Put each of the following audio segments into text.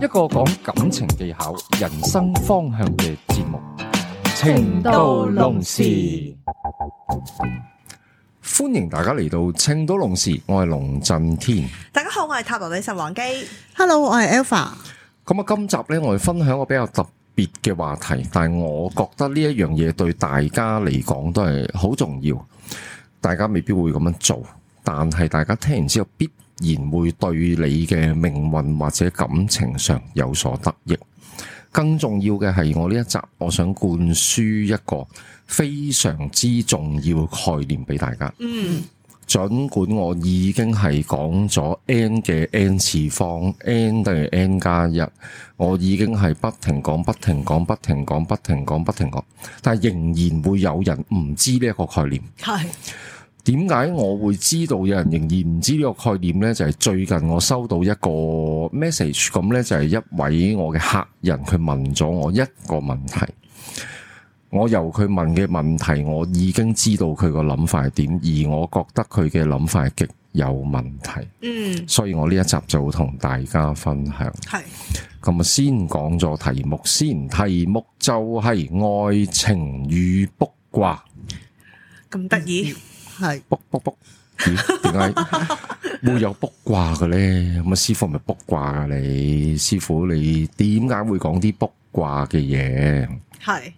一個講感情技巧、人生方向嘅節目《情到濃時》。歡迎大家嚟到《情到濃時》，我係龍震天。大家好，我係塔羅女神王基。Hello，我係 Alpha。咁啊，今集呢，我嚟分享一個比較特別嘅話題，但係我覺得呢一樣嘢對大家嚟講都係好重要。大家未必會咁樣做，但係大家聽完之後必。然會對你嘅命運或者感情上有所得益。更重要嘅係，我呢一集我想灌輸一個非常之重要嘅概念俾大家。嗯，盡管我已經係講咗 n 嘅 n 次方，n 等於 n 加一，1，我已經係不，不停講、不停講、不停講、不停講、不停講，但係仍然會有人唔知呢一個概念。係。點解我會知道有人仍然唔知呢個概念呢？就係、是、最近我收到一個 message，咁呢就係、是、一位我嘅客人佢問咗我一個問題，我由佢問嘅問題，我已經知道佢個諗法係點，而我覺得佢嘅諗法係極有問題。嗯，所以我呢一集就同大家分享。係咁啊，先講咗題目，先題目就係愛情與卜卦，咁得意。嗯係卜卜卜點點解會有卜卦嘅咧？咁啊，師傅咪卜卦啊！你師傅，你點解會講啲卜卦嘅嘢？係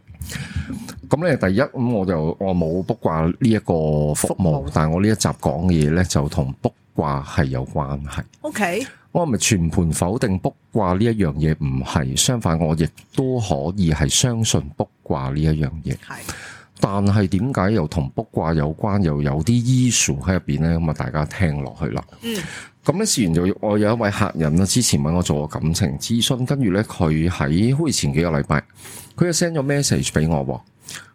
咁咧，第一咁我就我冇卜卦呢一個服務，但係我呢一集講嘅嘢咧就同卜卦係有關係。O K，我唔係全盤否定卜卦呢一樣嘢，唔係，相反，我亦都可以係相信卜卦呢一樣嘢。係。但係點解又同卜卦有關，又有啲醫術喺入邊呢，咁啊，大家聽落去啦。嗯、mm，咁咧，事緣就我有一位客人啊，之前問我做過感情諮詢，跟住呢，佢喺前幾個禮拜，佢就 send 咗 message 俾我。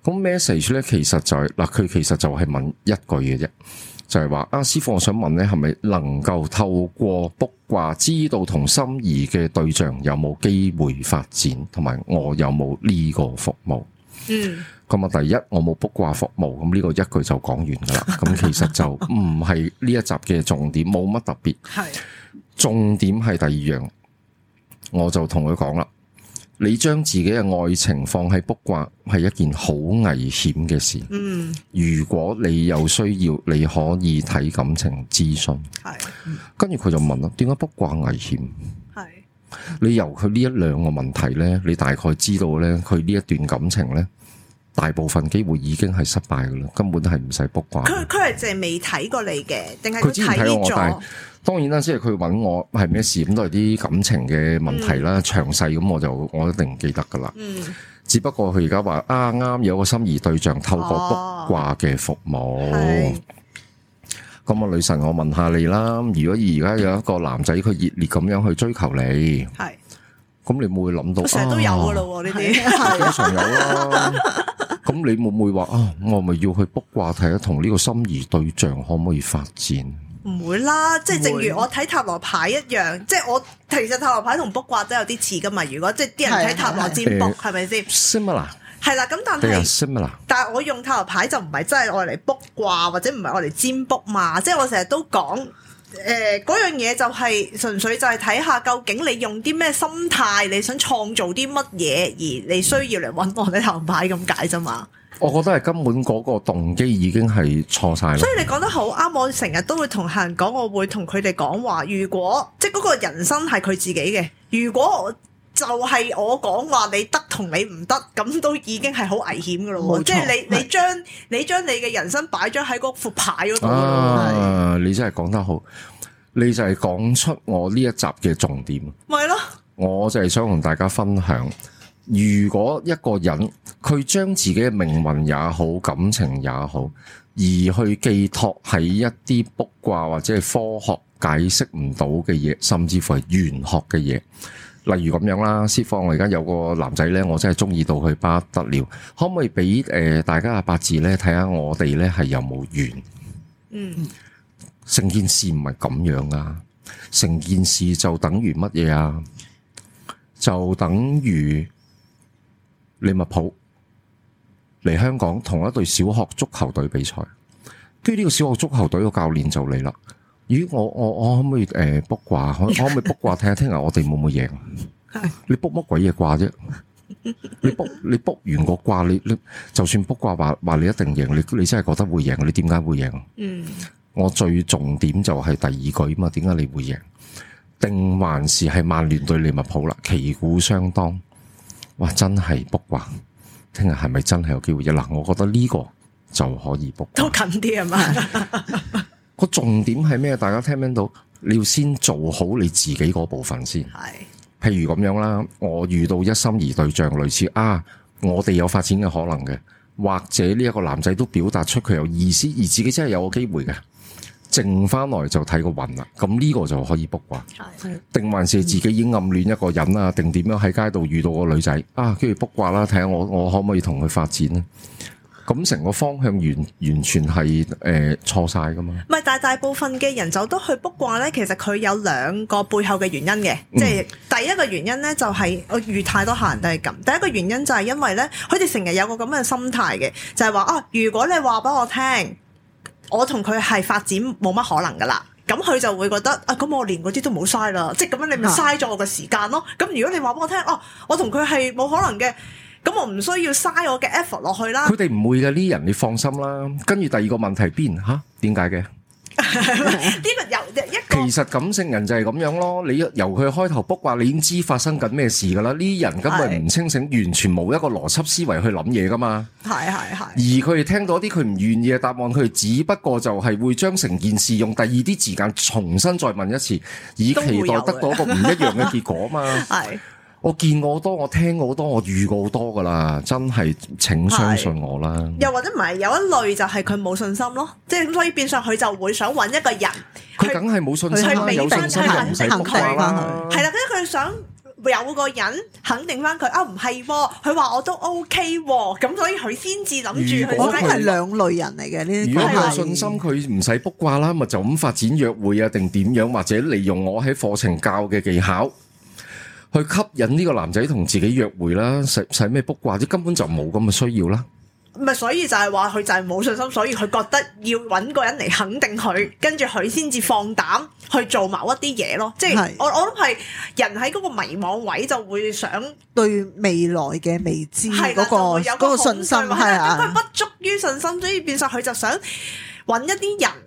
咁 message 呢，其實就係、是、嗱，佢其實就係問一句嘅啫，就係話阿師傅，我想問咧，係咪能夠透過卜卦知道同心儀嘅對象有冇機會發展，同埋我有冇呢個服務？嗯、mm。Hmm. 咁啊，第一我冇卜卦服務，咁呢個一句就講完噶啦。咁其實就唔係呢一集嘅重點，冇乜特別。係重點係第二樣，我就同佢講啦，你將自己嘅愛情放喺卜卦係一件好危險嘅事。嗯，如果你有需要，你可以睇感情諮詢。係、嗯，跟住佢就問啦，點解卜卦危險？係、嗯，你由佢呢一兩個問題呢，你大概知道呢，佢呢一段感情呢。」大部分機會已經係失敗嘅啦，根本係唔使卜卦。佢佢係淨係未睇過你嘅，定係佢睇過我？但係，當然啦，即係佢揾我係咩事咁都係啲感情嘅問題啦。嗯、詳細咁我就我一定唔記得噶啦。diz 嗯、只不過佢而家話啊啱、啊啊、有個心儀對象透過卜卦嘅服務。咁啊、哦、女神，我問，問下你啦，如果而家有一個男仔佢熱烈咁樣去追求你，係咁的你會唔會諗到？都有嘅咯 是的 arcade，呢啲係常有啦。啊啊啊咁你會唔會話啊？我咪要去卜卦睇下同呢個心儀對象可唔可以發展？唔會啦，即係正如我睇塔羅牌一樣，會 即係我其實塔羅牌同卜卦都有啲似㗎嘛。如果即係啲人睇塔羅占卜，係咪先？similar 係啦，咁但係 similar、嗯嗯嗯嗯嗯、但係我用塔羅牌就唔係真係愛嚟卜卦，或者唔係愛嚟占卜嘛。即係我成日都講。誒嗰、呃、樣嘢就係、是、純粹就係睇下究竟你用啲咩心態，你想創造啲乜嘢，而你需要嚟揾我啲頭牌咁解啫嘛。我覺得係根本嗰個動機已經係錯晒。所以你講得好啱，我成日都會同客人講，我會同佢哋講話，如果即係嗰個人生係佢自己嘅，如果我。就係我講話你得同你唔得，咁都已經係好危險噶咯。錯即係你你將是你將你嘅人生擺咗喺嗰副牌嗰度。啊，是你真係講得好，你就係講出我呢一集嘅重點。咪咯，我就係想同大家分享，如果一個人佢將自己嘅命運也好，感情也好，而去寄託喺一啲卜卦或者係科學解釋唔到嘅嘢，甚至乎係玄學嘅嘢。例如咁樣啦，師傅，我而家有個男仔呢，我真係中意到佢不得了，可唔可以俾誒大家阿八字呢？睇下我哋呢係有冇緣？嗯，成件事唔係咁樣啊，成件事就等於乜嘢啊？就等於利物浦嚟香港同一隊小學足球隊比賽，跟住呢個小學足球隊個教練就嚟啦。咦、嗯，我我我可唔可以誒卜卦？可我可唔可以卜卦睇下聽日我哋會唔會贏？ 你卜乜鬼嘢卦啫？你卜你卜完個卦，你你，你就算卜卦話話你一定贏，你你真係覺得會贏？你點解會贏？嗯，我最重點就係第二句啊嘛，點解你會贏？定還是係曼聯對利物浦啦？旗鼓相當，哇！真係卜卦，聽日係咪真係有機會啫？嗱、啊，我覺得呢個就可以卜，都近啲啊嘛。 個重點係咩？大家聽唔聽到？你要先做好你自己嗰部分先。係。譬如咁樣啦，我遇到一心而對象類似啊，我哋有發展嘅可能嘅，或者呢一個男仔都表達出佢有意思，而自己真係有個機會嘅，剩翻來就睇個運啦。咁呢個就可以卜卦。定還是自己已經暗戀一個人啦？定點樣喺街度遇到個女仔啊，跟住卜卦啦，睇下我我可唔可以同佢發展呢？咁成個方向完完全係誒、呃、錯晒噶嘛？唔係，大大部分嘅人走都去卜卦咧。其實佢有兩個背後嘅原因嘅，嗯、即係第一個原因咧就係、是、我遇太多客人都係咁。第一個原因就係因為咧，佢哋成日有個咁嘅心態嘅，就係話哦，如果你話俾我聽，我同佢係發展冇乜可能噶啦，咁佢就會覺得啊，咁我連嗰啲都冇嘥啦，即係咁樣你咪嘥咗我嘅時間咯。咁如果你話俾我聽，哦、啊，我同佢係冇可能嘅。咁我唔需要嘥我嘅 effort 落去啦。佢哋唔會嘅，呢人你放心啦。跟住第二個問題邊吓？點解嘅？呢 個由一其實感性人就係咁樣咯。你由佢開頭卜卦你已經知發生緊咩事噶啦。呢人根本唔清醒，是 完全冇一個邏輯思維去諗嘢噶嘛。係係係。而佢哋聽到啲佢唔願意嘅答案，佢只不過就係會將成件事用第二啲時間重新再問一次，以期待得到一個唔一樣嘅結果嘛。係。會 我見過好多，我聽過好多，我遇過好多噶啦，真係請相信我啦。又或者唔係有一類就係佢冇信心咯，即係咁所以變相佢就會想搵一個人，佢梗係冇信心，佢未有其他人肯定佢。係啦定，咁樣佢想有個人肯定翻佢啊？唔係喎，佢話我都 OK 喎，咁所以佢先至諗住。如果佢係兩類人嚟嘅呢？如果佢有信心，佢唔使卜卦啦，咪就咁發展約會啊，定點樣或者利用我喺課程教嘅技巧。去吸引呢個男仔同自己約會啦，使使咩卜卦？啲根本就冇咁嘅需要啦。唔係，所以就係話佢就係冇信心，所以佢覺得要揾個人嚟肯定佢，跟住佢先至放膽去做某一啲嘢咯。係。即係我我諗係人喺嗰個迷茫位，就會想對未來嘅未知嗰個嗰個信心係啊，不足於信心，所以變實佢就想揾一啲人。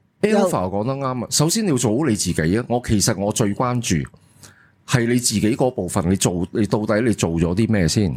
Alpha 講得啱啊！首先你要做好你自己啊！我其實我最關注係你自己嗰部分，你做你到底你做咗啲咩先？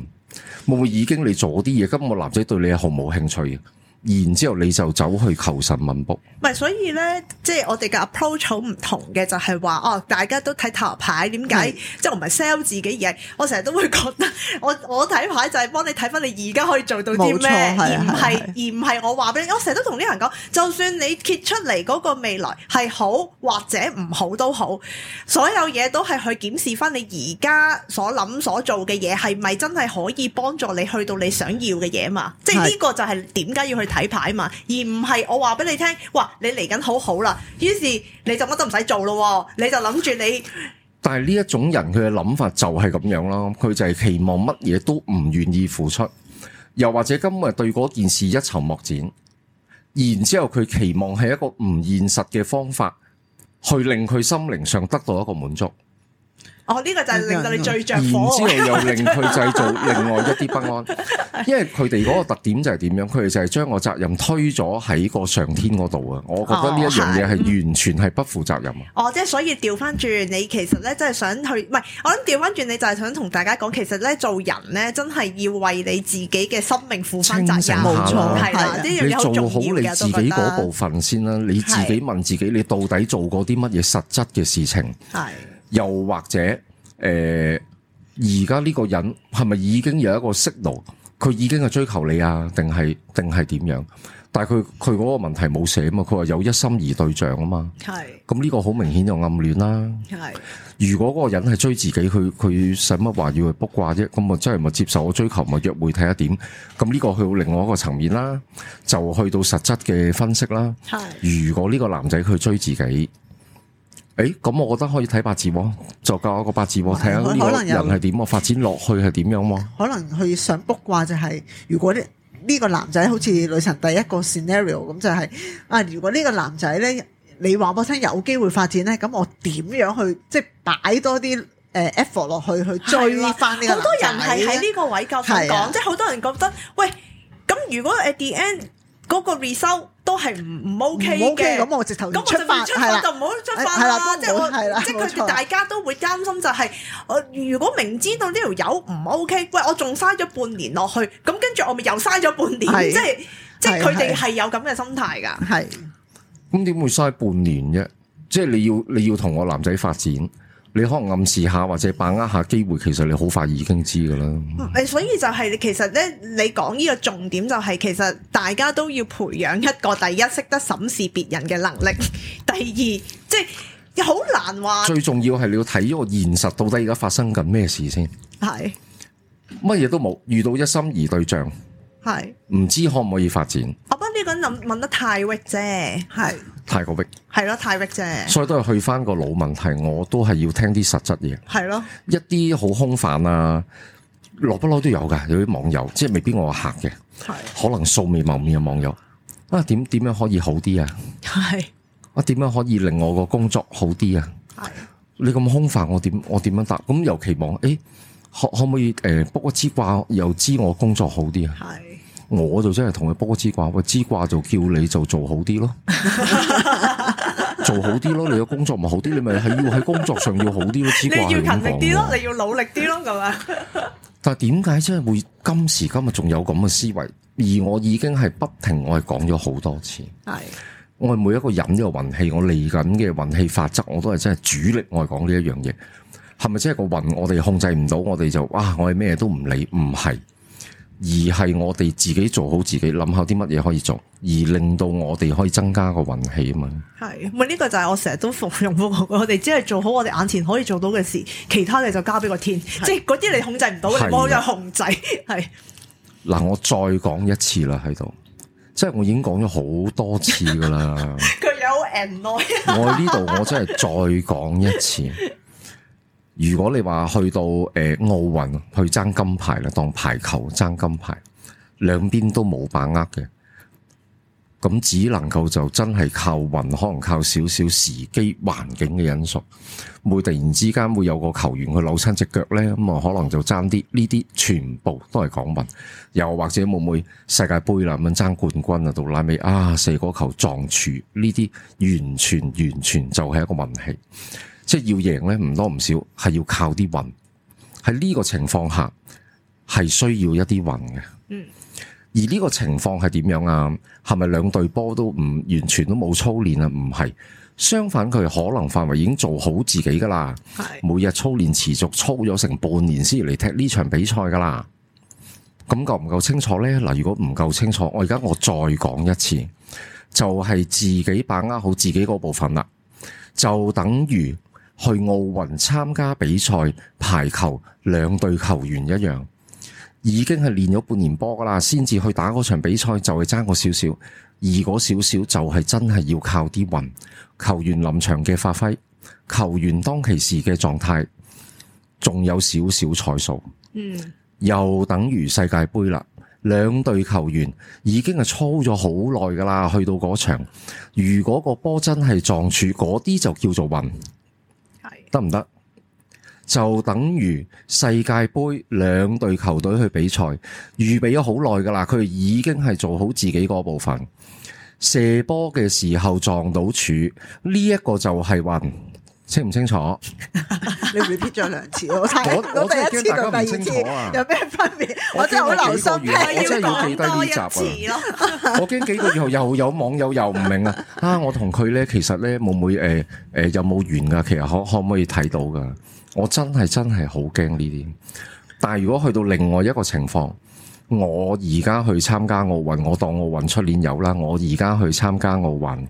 會唔會已經你做啲嘢，咁個男仔對你毫無興趣啊？然之後你就走去求神問卜，唔係所以咧，即係我哋嘅 approach 好唔同嘅，就係、是、話哦，大家都睇塔牌，點解、嗯、即係我唔係 sell 自己，嘢，我成日都會覺得，我我睇牌就係幫你睇返你而家可以做到啲咩，而唔係而唔係我話俾你，我成日都同啲人講，就算你揭出嚟嗰個未來係好或者唔好都好，所有嘢都係去檢視返你而家所諗所做嘅嘢係咪真係可以幫助你去到你想要嘅嘢嘛，即係呢個就係點解要去睇牌嘛，而唔係我話俾你聽，哇，你嚟緊好好啦，於是你就乜都唔使做咯，你就諗住你。但係呢一種人佢嘅諗法就係咁樣啦，佢就係期望乜嘢都唔願意付出，又或者今日對嗰件事一籌莫展，然之後佢期望係一個唔現實嘅方法，去令佢心靈上得到一個滿足。哦，呢、這個就係令到你最着火，然之後又令佢製造另外一啲不安， 因為佢哋嗰個特點就係點樣，佢哋就係將個責任推咗喺個上天嗰度啊！我覺得呢一樣嘢係完全係不負責任。哦，嗯、哦，即係所以調翻轉，你其實咧，真係想去，唔、呃、係我諗調翻轉，你就係想同大家講，其實咧，做人咧，真係要為你自己嘅生命負翻責任，冇錯係啦。呢樣你做好你自己嗰部分先啦，的你自己問自己，你到底做過啲乜嘢實質嘅事情？係的。又或者，誒、呃，而家呢個人係咪已經有一個 signal？佢已經係追求你啊，定係定係點樣？但係佢佢嗰個問題冇寫嘛？佢話有一心而對象啊嘛。係是。咁呢個好明顯就暗戀啦。係是。如果嗰個人係追自己，佢佢使乜話要去卜卦啫？咁啊，真係咪接受我追求咪約會睇下點？咁呢個去到另外一個層面啦，就去到實質嘅分析啦。係是。如果呢個男仔去追自己？誒，咁、欸、我覺得可以睇八字喎，就教我個八字睇下可能呢個人係點啊，發展落去係點樣啊？可能佢想卜卦就係、是，如果呢呢個男仔好似女神第一個 scenario 咁、就是，就係啊，如果呢個男仔咧，你話俾我聽有機會發展咧，咁我點樣去即係擺多啲誒 effort 落去去追翻呢？好、啊、多人係喺呢個位教佢講，即係好多人覺得，喂，咁如果 at the end？嗰個 result 都係唔唔 OK 嘅。唔 OK 咁，我直頭出發就唔好出發啦。不不即係我，的即係佢哋，大家都會擔心就係、是，我如果明知道呢條友唔 OK，喂，我仲嘥咗半年落去，咁跟住我咪又嘥咗半年。即係即係佢哋係有咁嘅心態㗎。係。咁點、嗯、會嘥半年啫？即、就、係、是、你要你要同我男仔發展。你可能暗示下或者把握下機會，其實你好快已經知噶啦、嗯。所以就係、是、其實咧，你講呢個重點就係、是，其實大家都要培養一個第一識得審視別人嘅能力，第二即係好難話。最重要係你要睇呢個現實到底而家發生緊咩事先。係乜嘢都冇，遇到一心二對象。係唔是知可唔可以發展？我覺得呢個諗問得太屈啫。係。太過逼，係咯，太逼啫。所以都係去翻個老問題，我都係要聽啲實質嘢。係咯的，一啲好空泛啊，落不嬲都有噶，有啲網友，即係未必我客嘅，係的可能素未謀面嘅網友啊，點點樣可以好啲啊？係的啊，點樣可以令我個工作好啲啊？係的你咁空泛，我點我點樣答？咁又期望，誒、欸，可可唔可以誒卜、呃、一支卦，又知我工作好啲啊？係。我就真係同佢卜支卦，喂，支卦就叫你就做好啲咯， 做好啲咯。你嘅工作唔好啲，你咪係要喺工作上要好啲咯。支卦要勤力啲咯，你要努力啲咯咁啊！ 但係點解真係會今時今日仲有咁嘅思維？而我已經係不停，我係講咗好多次。係的我係每一個人呢個運氣，我嚟緊嘅運氣法則，我都係真係主力，我係講呢一樣嘢。係咪真係個運我哋控制唔到？我哋就啊，我係咩都唔理，唔係。而係我哋自己做好自己，諗下啲乜嘢可以做，而令到我哋可以增加個運氣啊嘛。係，咪、這、呢個就係我成日都服用我哋，只係做好我哋眼前可以做到嘅事，其他嘅就交俾個天，的即係嗰啲你控制唔到嘅，冇人控制。係嗱的 的，我再講一次啦，喺度，即係我已經講咗好多次噶啦。佢有愛耐，我喺呢度，我真係再講一次。 如果你話去到誒奧運去爭金牌啦，當排球爭金牌，兩邊都冇把握嘅，咁只能夠就真係靠運，可能靠少少時機環境嘅因素，會突然之間會有個球員去扭親隻腳呢，咁、嗯、啊可能就爭啲呢啲，全部都係講運，又或者會唔會世界杯啦咁爭冠軍到啊到拉尾啊四個球撞柱呢啲，完全完全就係一個運氣。即係要贏咧，唔多唔少，係要靠啲運。喺呢個情況下，係需要一啲運嘅。嗯。而呢個情況係點樣啊？係咪兩隊波都唔完全都冇操練啊？唔係，相反佢可能範圍已經做好自己噶啦。每日操練持續操咗成半年先嚟踢呢場比賽噶啦。咁夠唔夠清楚呢？嗱，如果唔夠清楚，我而家我再講一次，就係自己把握好自己嗰部分啦。就等於。去奧運參加比賽，排球兩隊球員一樣，已經係練咗半年波噶啦，先至去打嗰場比賽就係爭過少少，而嗰少少就係真係要靠啲運，球員臨場嘅發揮，球員當其時嘅狀態，仲有少少彩數，嗯，又等於世界杯啦，兩隊球員已經係操咗好耐噶啦，去到嗰場，如果個波真係撞柱嗰啲，就叫做運。得唔得？就等於世界杯兩隊球隊去比賽，預備咗好耐噶啦。佢已經係做好自己嗰部分射波嘅時候撞到柱，呢一個就係運，清唔清楚？ 你 r e 咗兩次我我真係驚，大家唔清楚啊， 清楚啊！ 有咩分別？我真係好留心，係咪要講多呢集啊？ 我驚幾個月後又有網友又唔明啊！啊，我同佢咧，其實咧，冇唔會誒有冇緣噶、啊？其實可可唔可以睇到噶？我真係真係好驚呢啲。但係如果去到另外一個情況，我而家去參加奧運，我當我運出年有啦。我而家去參加奧運，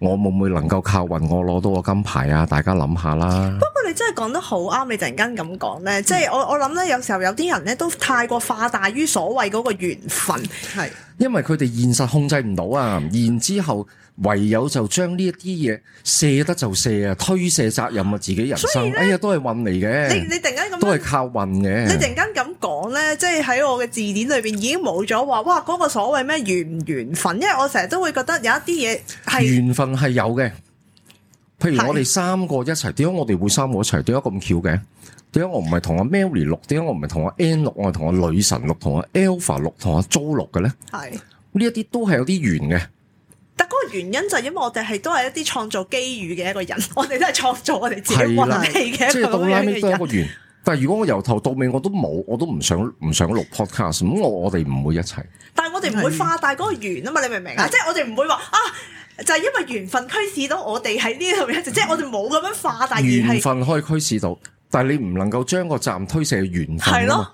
我會唔會能夠靠運我攞到個金牌啊？大家諗下啦～真係講得好啱，你突然間咁講咧，即係我我諗咧，有時候有啲人咧都太過化大於所謂嗰個緣分，係因為佢哋現實控制唔到啊，然之後唯有就將呢一啲嘢卸得就卸啊，推卸責任啊，自己人生哎呀都係運嚟嘅，你你突然間咁都係靠運嘅，你突然間咁講咧，即係喺我嘅字典裏邊已經冇咗話哇嗰個所謂咩緣唔緣分，因為我成日都會覺得有一啲嘢係緣分係有嘅。譬如我哋三個一齊，點解我哋會三個一齊？點解咁巧嘅？點解我唔係同阿 Melly 錄？點解我唔係同阿 N 錄？我係同阿女神錄、同阿 Alpha 錄、同阿 Jo 錄嘅咧？係呢一啲都係有啲緣嘅。但嗰個原因就係因為我哋係都係一啲創造機遇嘅一個人， 我哋都係創造我哋自己運氣嘅。即係到拉尾都係一個緣。 但係如果我由頭到尾我都冇，我都唔想唔想錄 podcast，咁我我哋唔會一齊。但係我哋唔會化大嗰個緣啊嘛！的你明唔明？的即係我哋唔會話啊。就係因為緣分驅使到我哋喺呢度，即係我哋冇咁樣化大，緣分可以驅使到，但係你唔能夠將個站推卸去緣分咯。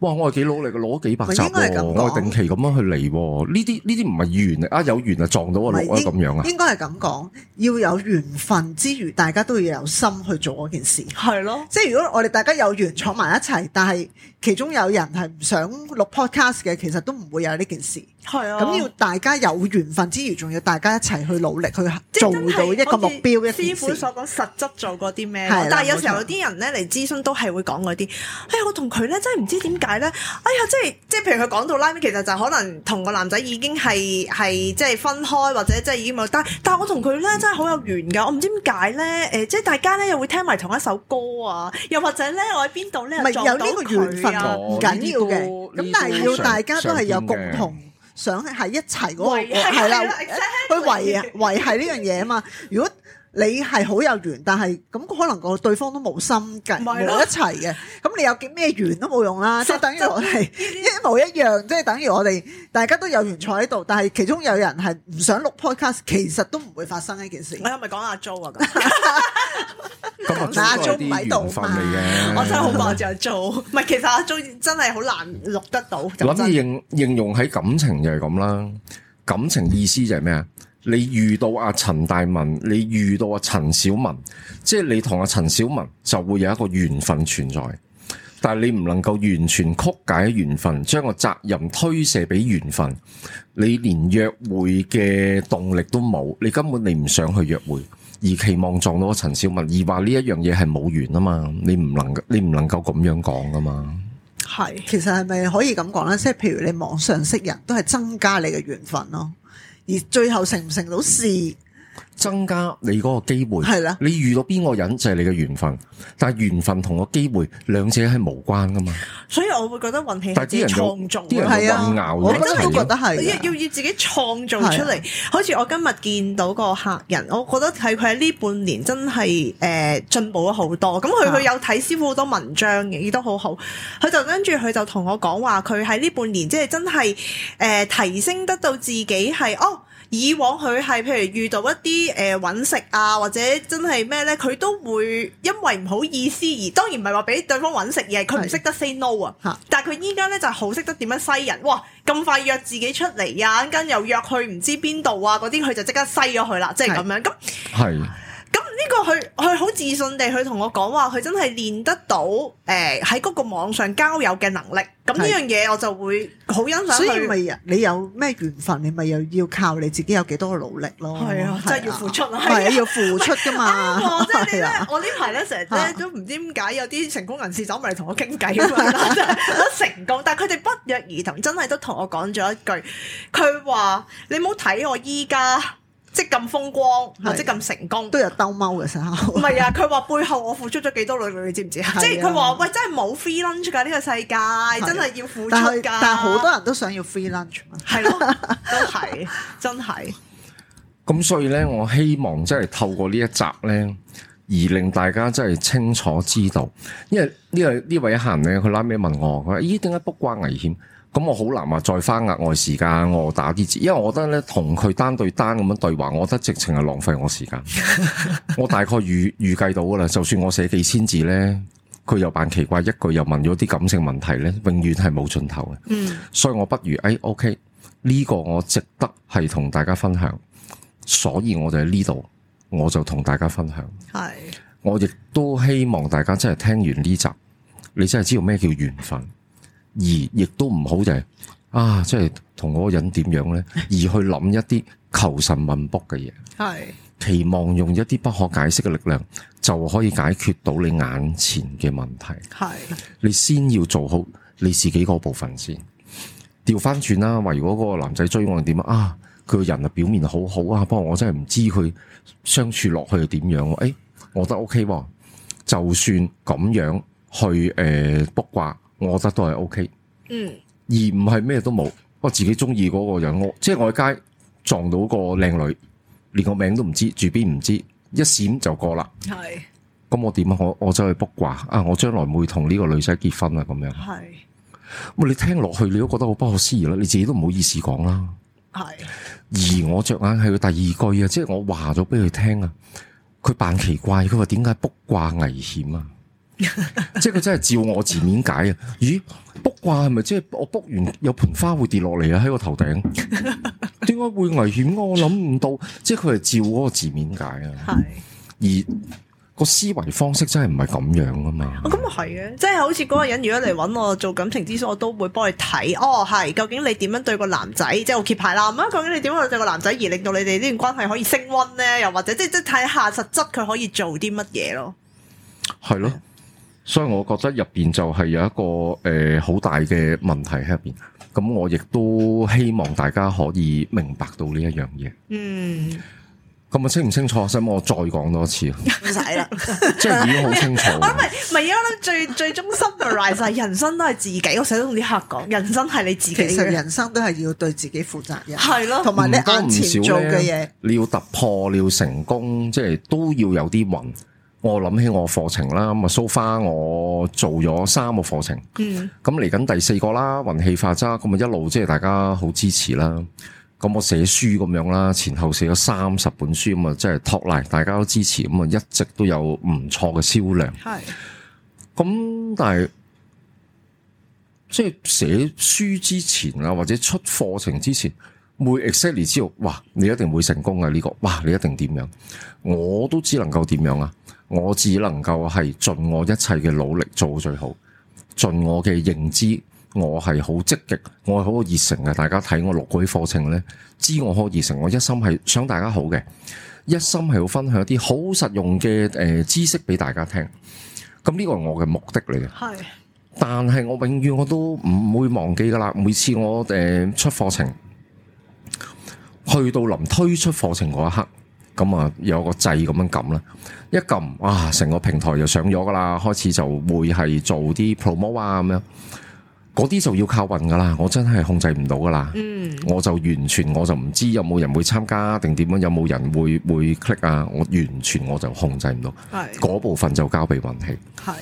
哇！我係幾努力嘅，攞幾百集喎，應該係咁我定期咁樣去嚟。呢啲呢啲唔係緣啊，有緣啊撞到我錄啊咁樣啊。是應該係咁講，要有緣分之餘，大家都要有心去做嗰件事。係咯的，即係如果我哋大家有緣坐埋一齊，但係其中有人係唔想錄 podcast 嘅，其實都唔會有呢件事。係啊的，咁要大家有緣分之餘，仲要大家一齊去努力去做到一個目標嘅的一件事。師父所講實質做過啲咩？係，但係有時候有啲人咧嚟諮詢都係會講嗰啲。哎，我同佢咧真係唔知點解。哎呀，即係即係，譬如佢講到拉尾，其實就可能同個男仔已經係係即係分開，或者即係已經冇，但但係我同佢咧真係好有緣噶，我唔知點解咧，誒，即係大家咧又會聽埋同一首歌啊，又或者咧我喺邊度咧又撞到佢啊，啊，唔緊要嘅，咁但係要大家都係有共同。想係一齊嗰個係啦，去維維係呢樣嘢啊嘛！如果你係好有緣，但係咁可能個對方都冇心計冇一齊嘅，咁你有幾咩緣都冇用啦！ 即係等於我哋一模一樣，即係 等於我哋大家都有緣坐喺度，但係其中有人係唔想錄 podcast，其實都唔會發生呢件事。我係咪講阿 Jo 啊？ 嗱，阿中唔喺度嘅。我真係好耐就做，唔係，其實阿中真係好難錄得到。諗住形容喺感情就係咁啦，感情意思就係咩啊？你遇到阿陳大文，你遇到阿陳小文，即係你同阿陳小文就會有一個緣分存在，但係你唔能夠完全曲解緣分，將個責任推卸俾緣分，你連約會嘅動力都冇，你根本你唔想去約會。而期望撞到阿陳小文，而話呢一樣嘢係冇緣啊嘛！你唔能，你唔能夠咁樣講㗎嘛！係，其實係咪可以咁講咧？即係譬如你網上識人都係增加你嘅緣分咯，而最後成唔成到事？增加你嗰個機會，係啦的，你遇到邊個人就係你嘅緣分，但係緣分同個機會兩者係無關噶嘛。所以我會覺得運氣係自己創造，係啊，我真係覺得係要要自己創造出嚟。的好似我今日見到個客人，我覺得係佢喺呢半年真係誒進步咗好多。咁佢佢有睇師傅好多文章嘅，亦都好好。佢就跟住佢就同我講話，佢喺呢半年即係真係誒、呃、提升得到自己係哦。以往佢係譬如遇到一啲誒揾食啊，或者真係咩咧，佢都會因為唔好意思而，當然唔係話俾對方揾食嘢。佢唔識得 say no 啊。嚇的！但係佢依家咧就好識得點樣篩人，哇！咁快約自己出嚟啊，一陣間又約去唔知邊度啊，嗰啲佢就即刻篩咗佢啦，即係咁樣咁。係的。麼不過佢佢好自信地去同我講，話佢真係練得到誒喺嗰個網上交友嘅能力，咁呢的樣嘢我就會好欣賞，所以咪你有咩緣分，你咪又要靠你自己有幾多個努力咯。係啊的，真係要付出啊，係啊，要付出噶嘛。啱、啊、的我係，我呢排咧成日咧都唔知點解有啲成功人士走埋嚟同我傾偈，我係好成功。但係佢哋不約而同，真係都同我講咗一句，佢話你冇睇我依家。即咁風光，即咁成功，都有兜踎嘅時候。唔係啊，佢話背後我付出咗幾多努力，你知唔知啊？ 即係佢話喂，真係冇 free lunch 㗎呢個世界，的真係要付出㗎。但係好多人都想要 free lunch 係咯， 都係真係。咁 所以呢，我希望即係透過呢一集呢，而令大家真係清楚知道，因為呢個呢位客人咧，佢拉尾問我，佢話咦，點、哎、解卜卦危險？咁我好難話再花額外時間我打啲字，因為我覺得咧同佢單對單咁樣對話，我覺得直情係浪費我時間。 我大概預預計到噶啦，就算我寫幾千字咧，佢又扮奇怪，一句又問咗啲感性問題咧，永遠係冇盡頭嘅。嗯，所以我不如誒、哎，OK 呢個我值得係同大家分享，所以我就喺呢度，我就同大家分享。係，我亦都希望大家真係聽完呢集，你真係知道咩叫緣分。而亦都唔好就係啊，即係同嗰個人點樣呢？而去諗一啲求神問卜嘅嘢，係 期望用一啲不可解釋嘅力量就可以解決到你眼前嘅問題。係 你先要做好你自己嗰部分先。調翻轉啦，話如果嗰個男仔追我係點啊？佢個人表面好好啊，不過我真係唔知佢相處落去係點樣。誒、欸，我覺得 OK、啊、就算咁樣去誒卜、呃、卦。我覺得、OK 嗯、都係 O K，而唔係咩都冇。我自己中意嗰個人，我即係喺街撞到個靚女，連個名都唔知，住邊唔知，一閃就過啦。係咁是，我點啊？我我走去卜卦啊！我將來會同呢個女仔結婚啊？咁樣係。喂，是 你聽落去，你都覺得好不可思議啦。你自己都唔好意思講啦。係。是 而我着眼係佢第二句啊，即係我話咗俾佢聽啊，佢扮奇怪，佢話點解卜卦危險啊？ 即係佢真係照我字面解啊！咦，卜卦係咪即係我卜完有盆花會跌落嚟啊？喺我頭頂，點解 會危險？我諗唔到，即係佢係照嗰個字面解啊。係是而個思維方式真係唔係咁樣噶嘛？啊、哦，咁啊係嘅，即係好似嗰個人如果嚟搵我做感情之所，我都會幫你睇。哦，係究竟你點樣對個男仔，即係我揭牌啦？究竟你點樣對個男仔而令到你哋呢段關係可以升溫咧？又或者即係即係睇下實質佢可以做啲乜嘢咯？係咯。所以我覺得入邊就係有一個誒好、呃、大嘅問題喺入邊，咁我亦都希望大家可以明白到呢一樣嘢。嗯，咁我清唔清楚？使唔使我再講多次？唔使啦， 即係已經好清楚。唔係， 唔係，我諗最最終 summarize 係 人生都係自己。我成日同啲客講，人生係你自己。其實人生都係要對自己負責。係咯的，同埋你眼前做嘅嘢，你要突破，你要成功，即係都要有啲運。我諗起我課程啦，咁啊 show 翻，我做咗三個課程，咁嚟緊第四個啦，運氣化渣咁啊一路即係大家好支持啦。咁我寫書咁樣啦，前後寫咗三十本書咁啊，即係托賴大家都支持，咁啊一直都有唔錯嘅銷量。係咁是，但係即係寫書之前啊，或者出課程之前，每 e x c 之後，哇，你一定會成功嘅呢，這個，哇，你一定點樣？我都只能夠點樣啊？我只能夠係盡我一切嘅努力做最好，盡我嘅認知，我係好積極，我係好熱誠嘅。大家睇我錄嗰啲課程呢，知我好熱誠，我一心係想大家好嘅，一心係要分享啲好實用嘅誒知識俾大家聽。咁呢個係我嘅目的嚟嘅。但係我永遠我都唔會忘記噶啦。每次我誒出課程，去到臨推出課程嗰一刻。咁啊，有個掣咁樣撳啦，一撳哇，成個平台就上咗噶啦，開始就會係做啲 promo 啊咁樣，嗰啲就要靠運噶啦，我真係控制唔到噶啦，嗯，我就完全我就唔知有冇人會參加定點樣，有冇人會會 click 啊，我完全我就控制唔到，係嗰部分就交俾運氣，係，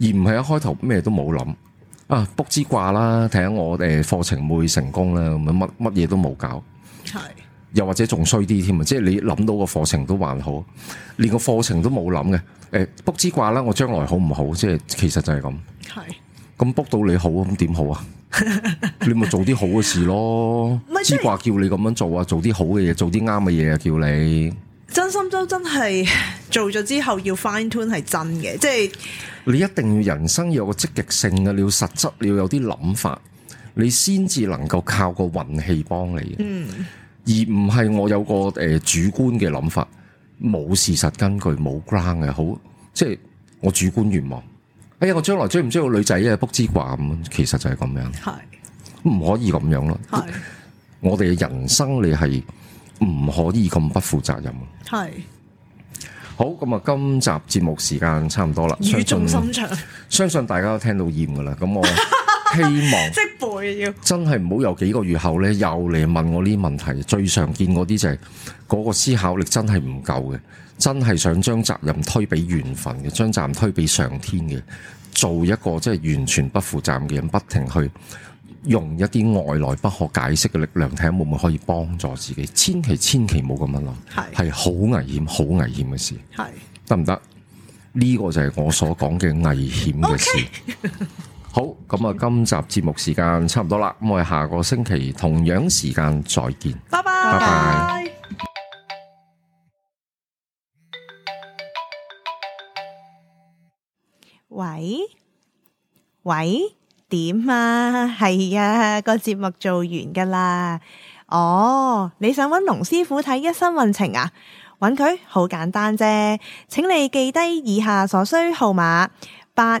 而唔係一開頭咩都冇諗啊卜支卦啦，睇下我哋課程會唔會成功啦，咁乜乜嘢都冇搞，係。又或者仲衰啲添啊！即係你諗到個課程都還好，連個課程都冇諗嘅。誒卜之卦啦，我將來好唔好？即係其實就係咁。係咁卜到你好，咁點好啊？ 你咪做啲好嘅事咯。卜之卦叫你咁樣做啊，做啲好嘅嘢，做啲啱嘅嘢啊！叫你真心都真係做咗之後要 fine tune 係真嘅，即係你一定要人生要有個積極性嘅，你要實質，你要有啲諗法，你先至能夠靠個運氣幫你。嗯。而唔係我有個誒、呃、主觀嘅諗法，冇事實根據，冇 ground 嘅，好即係我主觀願望。哎呀，我將來追唔追個女仔啊？卜支卦咁，其實就係咁樣，係唔是可以咁樣咯。是我哋嘅人生你係唔可以咁不負責任。係是好咁啊！今集節目時間差唔多啦，語重心長，相信大家都聽到厭㗎啦。咁我。 希望真係唔好有幾個月後呢，又嚟問我呢啲問題，最常見嗰啲就係嗰個思考力真係唔夠嘅，真係想將責任推俾緣分嘅，將責任推俾上天嘅，做一個即係完全不負責任嘅人，不停去用一啲外來不可解釋嘅力量睇下會唔會可以幫助自己，千祈千祈唔好咁樣諗，係好是危險、好危險嘅事，係得唔得？呢、這個就係我所講嘅危險嘅事。是 Okay. 好，咁啊，今集節目時間差唔多啦，咁我哋下個星期同樣時間再見，拜拜拜拜喂。喂喂，點啊？係呀，啊，那個節目做完噶啦。哦，你想揾龍師傅睇一生運程啊？揾佢？好簡單啫，請你記低以下所需號碼八。